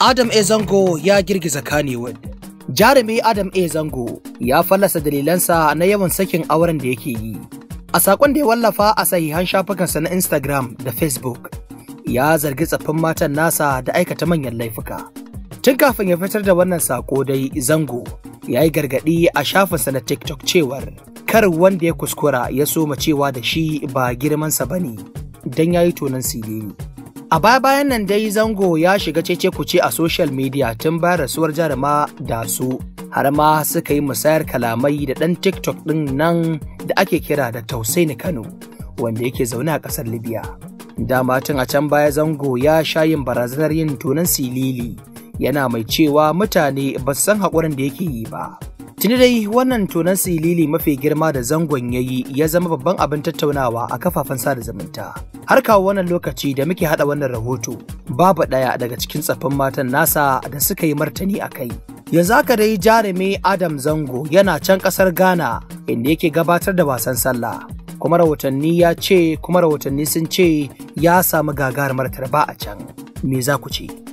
Adam A. Zango ya girgiza Kannywood. Jarumi Adam A. Zango ya fallasa dalilansa na yawan sakin auren da yake yi. A sakon da ya wallafa a sahihan shafukansa na Instagram da Facebook, ya zargi tsaffin matan nasa da aikata manyan laifuka. Tun kafin ya fitar da wannan sako dai Zango ya yi gargaɗi a shafinsa na TikTok cewar kar wanda ya kuskura ya soma cewa da shi ba girmansa ba ne don ya yi tonon A baya bayan nan dai zango ya shiga cece kuce a social media tun bayan rasuwar jaruma da su har ma suka yi musayar kalamai da ɗan TikTok ɗin nan da ake kira da Tausaini Kano wanda yake zaune a ƙasar Libya. Dama tun a can baya zango ya sha yin barazanar yin tonon silili yana mai cewa mutane ba san haƙurin da yake yi ba. Tuni dai wannan tonon silili mafi girma da zangon ya yi ya zama babban abin tattaunawa a kafafen sada zumunta. Har kawo wannan lokaci da muke hada wannan rahoto, babu ɗaya daga cikin tsaffin matan nasa da suka yi martani a kai. Yanzu haka dai jarumi Adam Zango yana can ƙasar Ghana inda yake gabatar da wasan sallah. Kuma rahotanni ya ce kuma rahotanni sun ce ya samu gagarumar tarba a can. Me za ku ce?